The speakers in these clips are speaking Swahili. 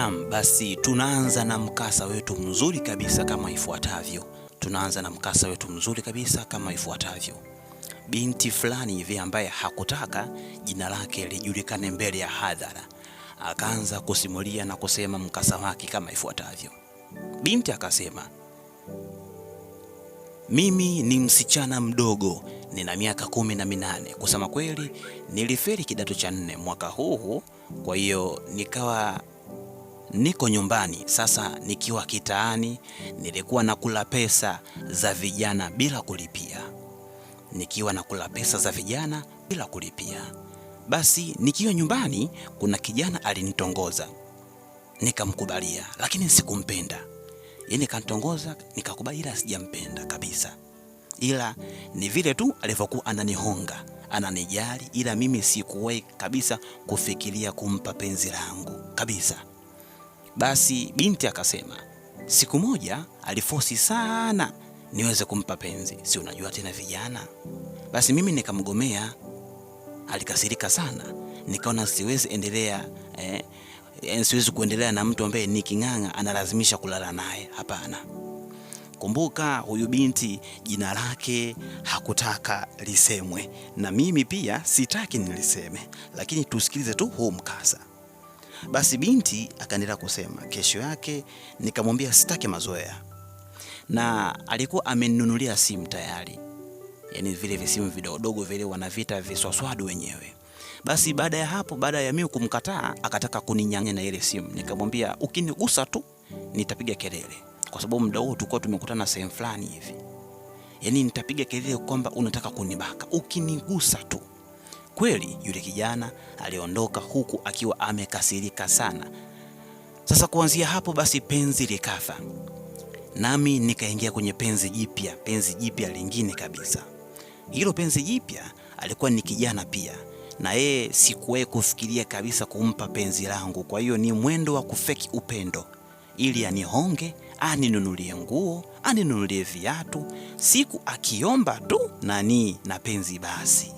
Naam, basi tunaanza na mkasa wetu mzuri kabisa kama ifuatavyo. Tunaanza na mkasa wetu mzuri kabisa kama ifuatavyo. Binti fulani hivi ambaye hakutaka jina lake lijulikane mbele ya hadhara akaanza kusimulia na kusema mkasa wake kama ifuatavyo. Binti akasema, mimi ni msichana mdogo, nina miaka kumi na minane. Kusema kweli, nilifeli kidato cha nne mwaka huu, kwa hiyo nikawa niko nyumbani sasa, nikiwa kitaani nilikuwa nakula pesa za vijana bila kulipia, nikiwa nakula pesa za vijana bila kulipia. Basi nikiwa nyumbani, kuna kijana alinitongoza, nikamkubalia, lakini sikumpenda. Yeye nikantongoza, nikakubali, ila sijampenda kabisa, ila ni vile tu alivyokuwa ananihonga, ananijali, ila mimi sikuwahi kabisa kufikiria kumpa penzi langu kabisa. Basi binti akasema, siku moja alifosi sana niweze kumpa penzi, si unajua tena vijana. Basi mimi nikamgomea, alikasirika sana, nikaona siwezi endelea eh, eh siwezi kuendelea na mtu ambaye niking'ang'a analazimisha kulala naye. Hapana. Kumbuka huyu binti jina lake hakutaka lisemwe, na mimi pia sitaki niliseme, lakini tusikilize tu huu mkasa. Basi binti akaendelea kusema, kesho yake nikamwambia sitaki mazoea, na alikuwa amenunulia simu tayari, yani vile visimu vidogodogo vile wanavita viswaswadu wenyewe. Basi baada ya hapo, baada ya mimi kumkataa, akataka kuninyang'a na ile simu. Nikamwambia ukinigusa tu nitapiga kelele, kwa sababu muda huo tulikuwa tumekutana sehemu fulani hivi, yani nitapiga kelele kwamba unataka kunibaka ukinigusa tu kweli yule kijana aliondoka huku akiwa amekasirika sana. Sasa kuanzia hapo basi penzi likafa, nami nikaingia kwenye penzi jipya, penzi jipya lingine kabisa. Hilo penzi jipya alikuwa ni kijana pia, na yeye sikuwahi kufikiria kabisa kumpa penzi langu. Kwa hiyo ni mwendo wa kufeki upendo ili anihonge, aninunulie nguo, aninunulie viatu, siku akiomba tu nani na penzi basi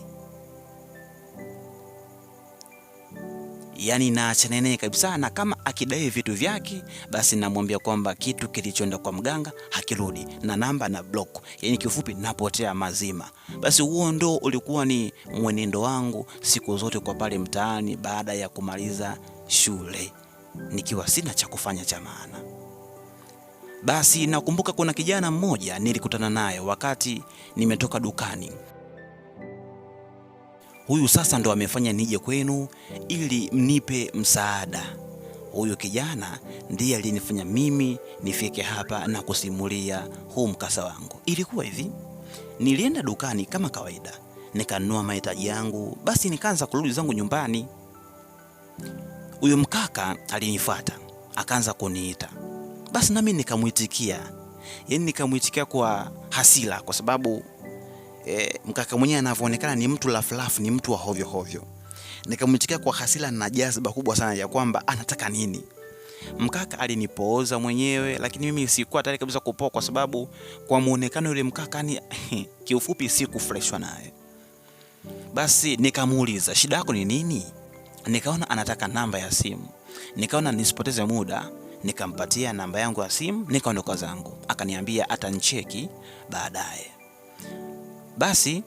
yani naachana naye kabisa, na kama akidai vitu vyake, basi namwambia kwamba kitu kilichoenda kwa mganga hakirudi, na namba na block, yani kifupi napotea mazima. Basi huo ndo ulikuwa ni mwenendo wangu siku zote kwa pale mtaani, baada ya kumaliza shule nikiwa sina cha kufanya cha maana. Basi nakumbuka kuna kijana mmoja nilikutana naye wakati nimetoka dukani, huyu sasa ndo amefanya nije kwenu ili mnipe msaada. Huyu kijana ndiye alinifanya mimi nifike hapa na kusimulia huu mkasa wangu. Ilikuwa hivi, nilienda dukani kama kawaida nikanunua mahitaji yangu, basi nikaanza kurudi zangu nyumbani. Huyo mkaka alinifuata akaanza kuniita, basi nami nikamwitikia, yaani nikamwitikia kwa hasira, kwa sababu e, mkaka mwenyewe anavyoonekana ni mtu lafulafu, ni mtu wa hovyo hovyo. Nikamwitikia kwa hasira na jazba kubwa sana ya kwamba anataka nini. Mkaka alinipooza mwenyewe, lakini mimi sikuwa tayari kabisa kupoa, kwa sababu kwa muonekano yule mkaka ni kiufupi, sikufurahishwa naye. Basi nikamuuliza shida yako ni nini? Nikaona anataka namba ya simu, nikaona nisipoteze muda, nikampatia namba yangu ya simu, nikaondoka zangu. Akaniambia atancheki baadaye. Basi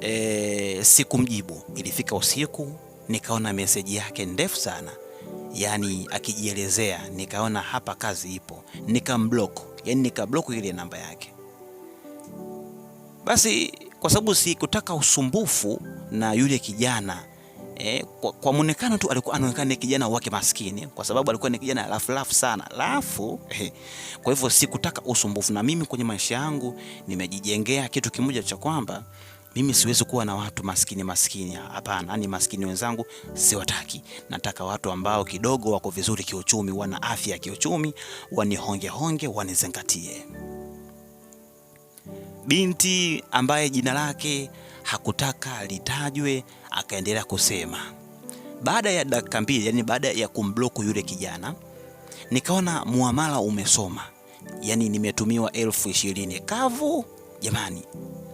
e, sikumjibu. Ilifika usiku nikaona meseji yake ndefu sana, yaani akijielezea. Nikaona hapa kazi ipo, nikamblock, yaani nikablock ile namba yake. Basi kwa sababu sikutaka usumbufu na yule kijana eh, kwa, kwa muonekano tu alikuwa anaonekana kijana wake maskini, kwa sababu alikuwa ni kijana lafu lafu sana lafu eh. Kwa hivyo sikutaka usumbufu, na mimi kwenye maisha yangu nimejijengea kitu kimoja cha kwamba mimi siwezi kuwa na watu maskini maskini, hapana. Ni yaani maskini wenzangu siwataki, nataka watu ambao kidogo wako vizuri kiuchumi, wana afya ya kiuchumi, wanihongehonge, wanizingatie. Binti ambaye jina lake hakutaka litajwe, akaendelea kusema. Baada ya dakika mbili, yani baada ya kumbloku yule kijana, nikaona muamala umesoma, yani nimetumiwa elfu ishirini kavu. Jamani,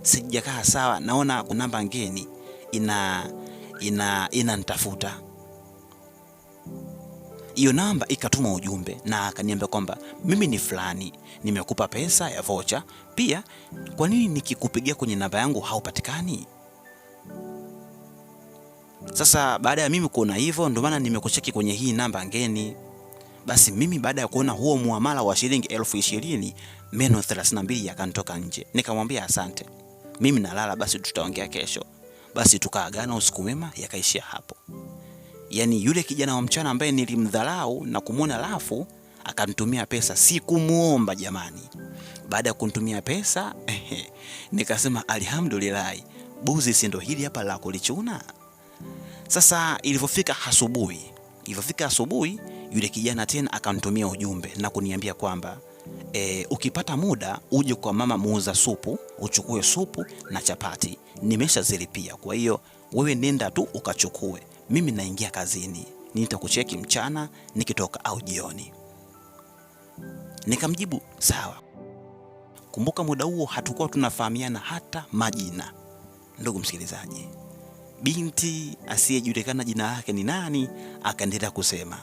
sijakaa sawa, naona namba ngeni ina ina inanitafuta hiyo namba ikatuma ujumbe na akaniambia kwamba mimi ni fulani, nimekupa pesa ya vocha, pia kwa nini nikikupigia kwenye namba yangu haupatikani? Sasa baada ya mimi kuona hivyo, ndio maana nimekucheki kwenye hii namba ngeni. Basi mimi baada ya kuona huo muamala wa shilingi elfu ishirini meno 32 yakantoka nje, nikamwambia asante, mimi nalala, basi tutaongea kesho. Basi tukaagana, usiku mwema, yakaishia hapo yani yule kijana wa mchana ambaye nilimdharau na kumwona lafu akanitumia pesa, sikumuomba jamani. Baada ya kunitumia pesa nikasema alhamdulillah, buzi si ndo hili hapa la kulichuna. Sasa ilivyofika asubuhi, ilivyofika asubuhi, yule kijana tena akanitumia ujumbe na kuniambia kwamba E, ukipata muda uje kwa mama muuza supu uchukue supu na chapati, nimeshazilipia. Kwa hiyo wewe nenda tu ukachukue mimi naingia kazini, nitakucheki mchana nikitoka au jioni. Nikamjibu sawa. Kumbuka muda huo hatukuwa tunafahamiana hata majina. Ndugu msikilizaji, binti asiyejulikana jina lake ni nani akaendelea kusema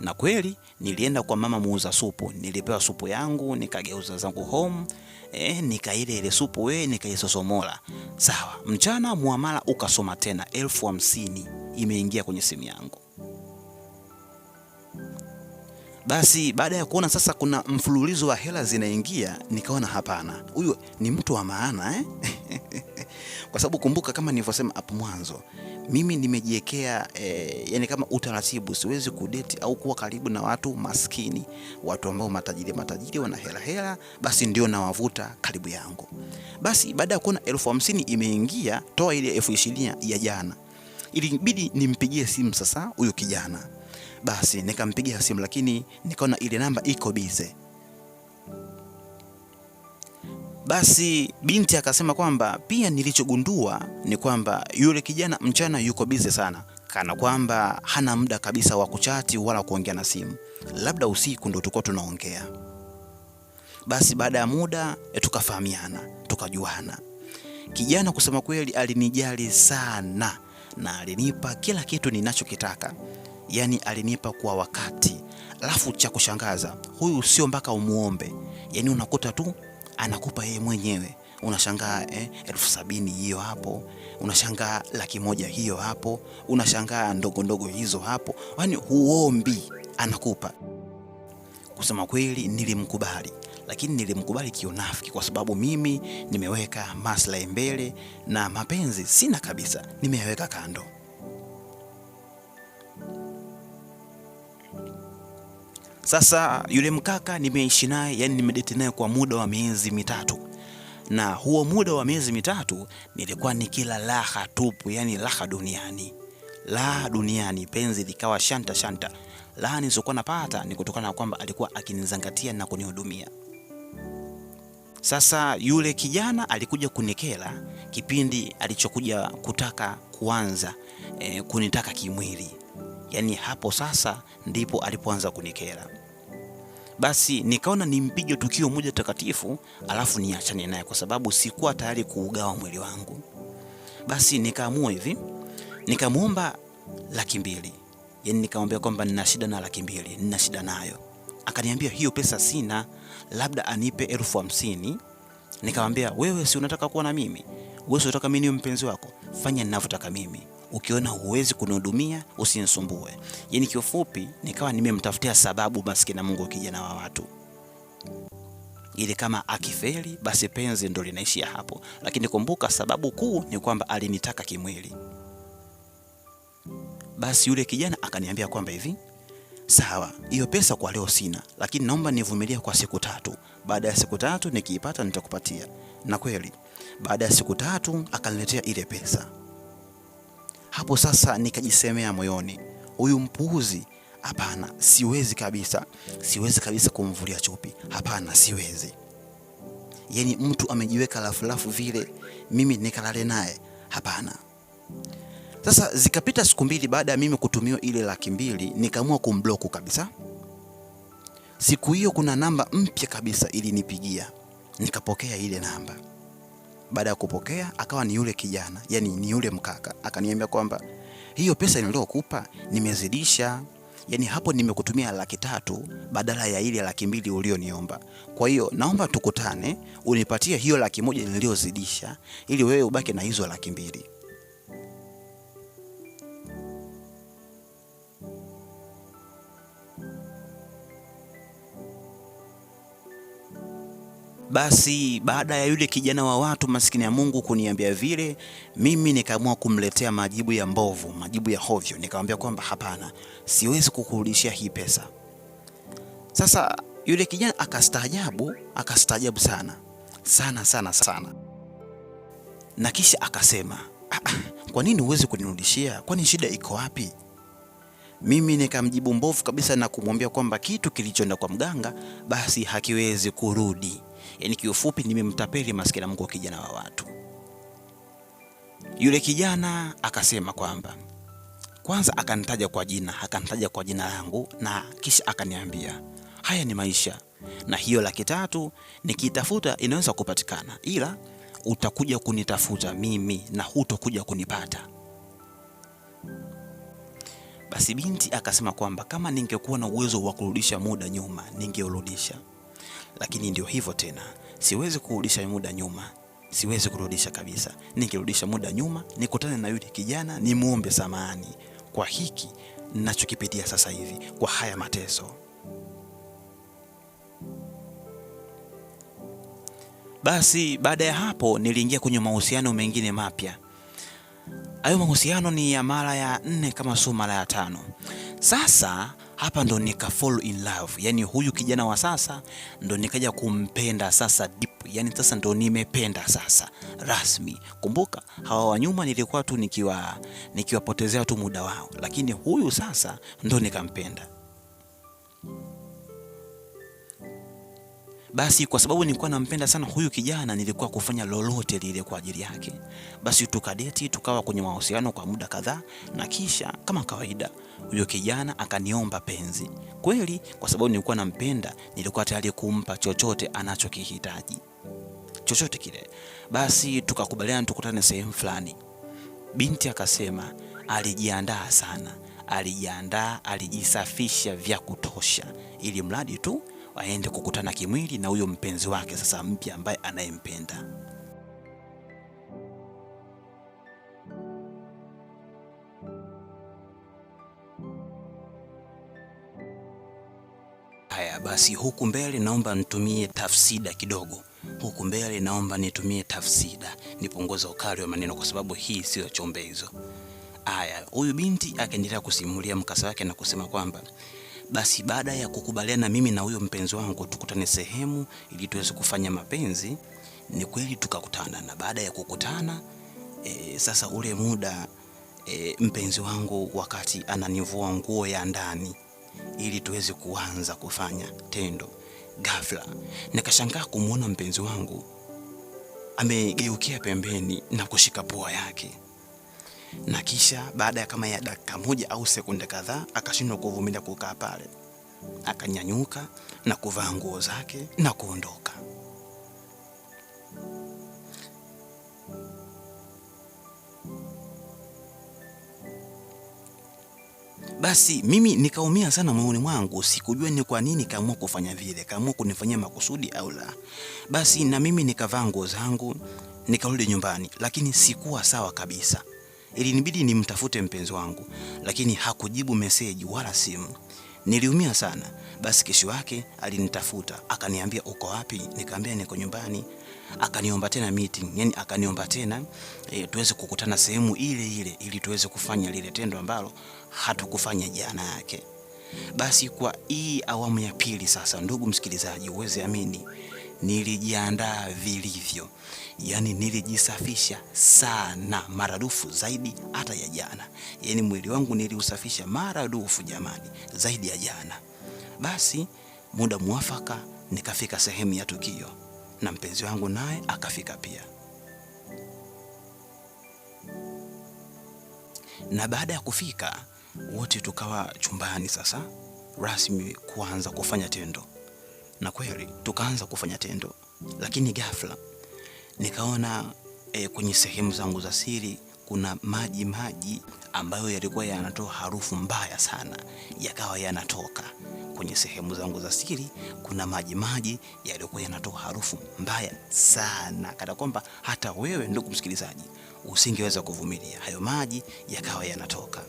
na kweli nilienda kwa mama muuza supu, nilipewa supu yangu nikageuza zangu home eh, nikaile ile supu we nikaisosomola. Sawa, mchana muamala ukasoma tena, elfu hamsini imeingia kwenye simu yangu. Basi baada ya kuona sasa kuna mfululizo wa hela zinaingia, nikaona hapana, huyu ni mtu wa maana eh? kwa sababu kumbuka, kama nilivyosema hapo mwanzo, mimi nimejiwekea e, yani kama utaratibu, siwezi kudeti au kuwa karibu na watu maskini, watu ambao matajiri matajiri wana hela hela, basi ndio nawavuta karibu yangu. Basi baada ya kuona elfu hamsini imeingia, toa ile elfu ishirini ya jana, ilibidi nimpigie simu sasa huyu kijana. Basi nikampigia simu, lakini nikaona ile namba iko bize basi binti akasema kwamba pia nilichogundua ni kwamba yule kijana mchana yuko bize sana, kana kwamba hana muda kabisa wa kuchati wala kuongea na simu, labda usiku ndo tulikuwa tunaongea. Basi baada ya muda eh, tukafahamiana, tukajuana. Kijana kusema kweli alinijali sana na alinipa kila kitu ninachokitaka, yaani alinipa kwa wakati. Alafu cha kushangaza, huyu sio mpaka umuombe, yaani unakuta tu anakupa yeye mwenyewe unashangaa eh, elfu sabini hiyo hapo, unashangaa laki moja hiyo hapo, unashangaa ndogo ndogo hizo hapo, yaani huombi, anakupa. Kusema kweli, nilimkubali lakini nilimkubali kionafiki kwa sababu mimi nimeweka maslahi mbele na mapenzi sina kabisa, nimeyaweka kando. Sasa yule mkaka nimeishi naye, yani nimedeti naye kwa muda wa miezi mitatu na huo muda wa miezi mitatu nilikuwa ni kila raha tupu, yani raha duniani, raha duniani, penzi likawa shanta shanta. Raha nilizokuwa napata ni kutokana na kwamba alikuwa akinizangatia na kunihudumia. Sasa yule kijana alikuja kunikela kipindi alichokuja kutaka kuanza e, kunitaka kimwili Yaani hapo sasa ndipo alipoanza kunikera. Basi nikaona nimpige tukio moja takatifu, alafu niachane naye, kwa sababu sikuwa tayari kuugawa mwili wangu. Basi nikaamua hivi, nikamwomba laki mbili, yaani nikamwambia kwamba nina shida na laki mbili, nina shida nayo. Akaniambia hiyo pesa sina, labda anipe elfu hamsini. Nikamwambia wewe, si unataka kuwa na mimi? Wewe si unataka mimi niwe mpenzi wako? Fanya ninavyotaka mimi ukiona huwezi kunihudumia usinisumbue. Yaani kiufupi, nikawa nimemtafutia sababu maskini na Mungu kijana wa watu, ili kama akifeli basi penzi ndo linaishia hapo. Lakini kumbuka, sababu kuu ni kwamba alinitaka kimwili. Basi yule kijana akaniambia kwamba hivi Sawa, hiyo pesa kwa leo sina, lakini naomba nivumilie kwa siku tatu. Baada ya siku tatu nikiipata nitakupatia. Na kweli baada ya siku tatu akaniletea ile pesa. Hapo sasa nikajisemea moyoni, huyu mpuuzi hapana, siwezi kabisa, siwezi kabisa kumvulia chupi, hapana, siwezi. Yaani mtu amejiweka lafulafu vile, mimi nikalale naye? Hapana. Sasa zikapita siku mbili baada ya mimi kutumiwa ile laki mbili, nikaamua kumbloku kabisa. Siku hiyo kuna namba mpya kabisa ilinipigia, nikapokea ile namba baada ya kupokea akawa ni yule kijana, yani ni yule mkaka, akaniambia kwamba hiyo pesa niliyokupa nimezidisha, yani hapo nimekutumia laki tatu badala ya ile laki mbili ulioniomba. Kwa hiyo naomba tukutane, unipatie hiyo laki moja niliyozidisha, ili wewe ubaki na hizo laki mbili. Basi baada ya yule kijana wa watu maskini ya Mungu kuniambia vile, mimi nikaamua kumletea majibu ya mbovu, majibu ya hovyo. Nikamwambia kwamba hapana, siwezi kukurudishia hii pesa. Sasa yule kijana akastaajabu, akastaajabu sana sana sana sana, na kisha akasema ah, ah kwa nini huwezi kunirudishia? Kwani shida iko wapi? Mimi nikamjibu mbovu kabisa na kumwambia kwamba kitu kilichoenda kwa mganga basi hakiwezi kurudi. Yaani kiufupi nimemtapeli maskini Mungu wa kijana wa watu. Yule kijana akasema kwamba kwanza akanitaja kwa jina, akanitaja kwa jina langu na kisha akaniambia, haya ni maisha na hiyo laki tatu nikiitafuta inaweza kupatikana, ila utakuja kunitafuta mimi na hutokuja kunipata. Basi binti akasema kwamba kama ningekuwa na uwezo wa kurudisha muda nyuma, ningeurudisha lakini ndio hivyo tena, siwezi kurudisha muda nyuma, siwezi kurudisha kabisa. Nikirudisha muda nyuma, nikutane na yule kijana, nimwombe samahani kwa hiki ninachokipitia sasa hivi, kwa haya mateso. Basi baada ya hapo niliingia kwenye mahusiano mengine mapya. Hayo mahusiano ni ya mara ya nne kama sio mara ya tano. Sasa hapa ndo nika fall in love, yani huyu kijana wa sasa ndo nikaja kumpenda sasa deep, yani sasa ndo nimependa sasa rasmi. Kumbuka hawa wa nyuma nilikuwa tu nikiwa nikiwapotezea tu muda wao, lakini huyu sasa ndo nikampenda. Basi kwa sababu nilikuwa nampenda sana huyu kijana, nilikuwa kufanya lolote lile kwa ajili yake. Basi tukadeti, tukawa kwenye mahusiano kwa muda kadhaa, na kisha kama kawaida, huyo kijana akaniomba penzi. Kweli kwa sababu nilikuwa nampenda, nilikuwa tayari kumpa chochote anachokihitaji, chochote kile. Basi tukakubaliana tukutane sehemu fulani. Binti akasema alijiandaa sana, alijiandaa, alijisafisha vya kutosha, ili mradi tu aende kukutana kimwili na huyo mpenzi wake sasa mpya ambaye anayempenda. Haya basi, huku mbele naomba nitumie tafsida kidogo, huku mbele naomba nitumie tafsida, nipunguze ukali wa maneno, kwa sababu hii siyo hizo. Haya, huyu binti akaendelea kusimulia mkasa wake na kusema kwamba basi baada ya kukubaliana mimi na huyo mpenzi wangu tukutane sehemu ili tuweze kufanya mapenzi, ni kweli tukakutana, na baada ya kukutana e, sasa ule muda e, mpenzi wangu wakati ananivua nguo ya ndani ili tuweze kuanza kufanya tendo, ghafla nikashangaa kumwona mpenzi wangu amegeukia pembeni na kushika pua yake na kisha baada ya kama ya dakika moja au sekunde kadhaa akashindwa kuvumilia kukaa pale, akanyanyuka na kuvaa nguo zake na kuondoka. Basi mimi nikaumia sana moyoni mwangu, sikujua ni kwa nini kaamua kufanya vile, kaamua kunifanyia makusudi au la. Basi na mimi nikavaa nguo zangu nikarudi nyumbani, lakini sikuwa sawa kabisa ilinibidi nimtafute mpenzi wangu, lakini hakujibu meseji wala simu. Niliumia sana. Basi kesho yake alinitafuta akaniambia, uko wapi? Nikaambia niko nyumbani. Akaniomba tena meeting, yani akaniomba tena e, tuweze kukutana sehemu ile ile ili tuweze kufanya lile tendo ambalo hatukufanya jana yake. Basi kwa hii awamu ya pili sasa, ndugu msikilizaji, uweze amini nilijiandaa vilivyo, yaani nilijisafisha sana maradufu zaidi hata ya jana, yaani mwili wangu niliusafisha maradufu jamani, zaidi ya jana. Basi muda mwafaka nikafika sehemu ya tukio na mpenzi wangu naye akafika pia, na baada ya kufika wote tukawa chumbani sasa rasmi kuanza kufanya tendo na kweli tukaanza kufanya tendo, lakini ghafla nikaona e, kwenye sehemu zangu za siri kuna maji maji ambayo yalikuwa yanatoa harufu mbaya sana, yakawa yanatoka kwenye sehemu zangu za siri. Kuna maji maji yalikuwa yanatoa harufu mbaya sana, kana kwamba hata wewe, ndugu msikilizaji, usingeweza kuvumilia. Hayo maji yakawa yanatoka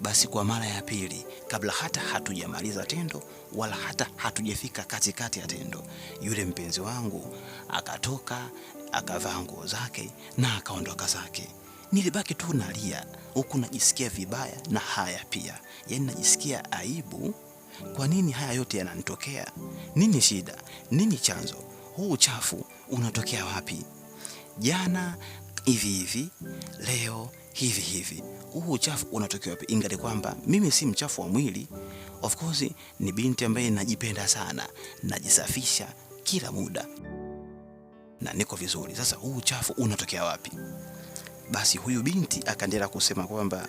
basi kwa mara ya pili, kabla hata hatujamaliza tendo wala hata hatujafika katikati ya tendo, yule mpenzi wangu akatoka akavaa nguo zake na akaondoka zake. Nilibaki tu nalia, huku najisikia vibaya na haya pia, yaani najisikia aibu. Kwa nini haya yote yananitokea? Nini shida? Nini chanzo? Huu uchafu unatokea wapi? Jana hivi hivi, leo hivi hivi, huu uchafu unatokea wapi? Ingali kwamba mimi si mchafu wa mwili, of course ni binti ambaye najipenda sana, najisafisha kila muda na niko vizuri. Sasa huu uchafu unatokea wapi? Basi huyu binti akaendelea kusema kwamba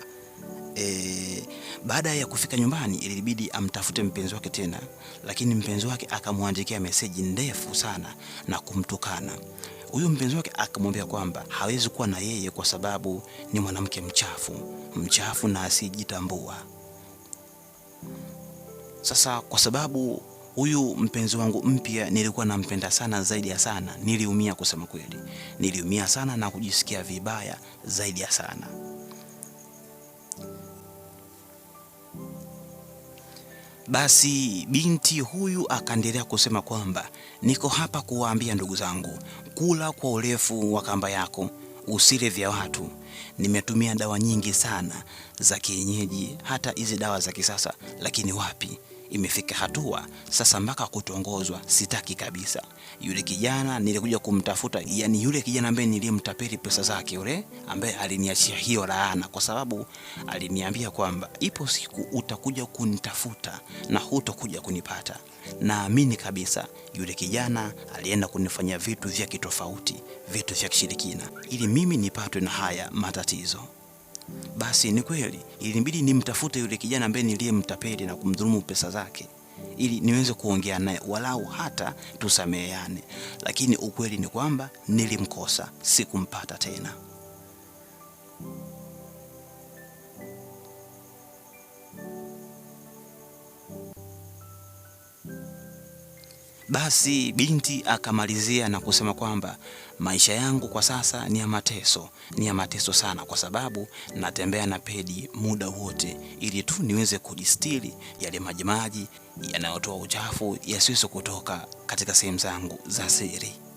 e, baada ya kufika nyumbani ilibidi amtafute mpenzi wake tena, lakini mpenzi wake akamwandikia meseji ndefu sana na kumtukana. Huyu mpenzi wake akamwambia kwamba hawezi kuwa na yeye kwa sababu ni mwanamke mchafu mchafu na asijitambua. Sasa kwa sababu huyu mpenzi wangu mpya nilikuwa nampenda sana zaidi ya sana, niliumia kusema kweli, niliumia sana na kujisikia vibaya zaidi ya sana. Basi binti huyu akaendelea kusema kwamba niko hapa kuwaambia ndugu zangu, kula kwa urefu wa kamba yako, usile vya watu. Nimetumia dawa nyingi sana za kienyeji, hata hizi dawa za kisasa, lakini wapi imefika hatua sasa mpaka kutongozwa, sitaki kabisa. Yule kijana nilikuja kumtafuta, yani yule kijana ambaye nilimtapeli pesa zake, yule ambaye aliniachia hiyo laana, kwa sababu aliniambia kwamba ipo siku utakuja kunitafuta na hutokuja kunipata. Naamini kabisa yule kijana alienda kunifanyia vitu vya kitofauti, vitu vya kishirikina, ili mimi nipatwe na haya matatizo. Basi ni kweli ilinibidi nimtafute yule kijana ambaye niliyemtapeli na kumdhulumu pesa zake ili niweze kuongea naye walau hata tusameheane, lakini ukweli ni kwamba nilimkosa, sikumpata tena. Basi binti akamalizia na kusema kwamba maisha yangu kwa sasa ni ya mateso, ni ya mateso sana, kwa sababu natembea na pedi muda wote, ili tu niweze kujistiri yale majimaji yanayotoa uchafu yasiweze kutoka katika sehemu zangu za siri.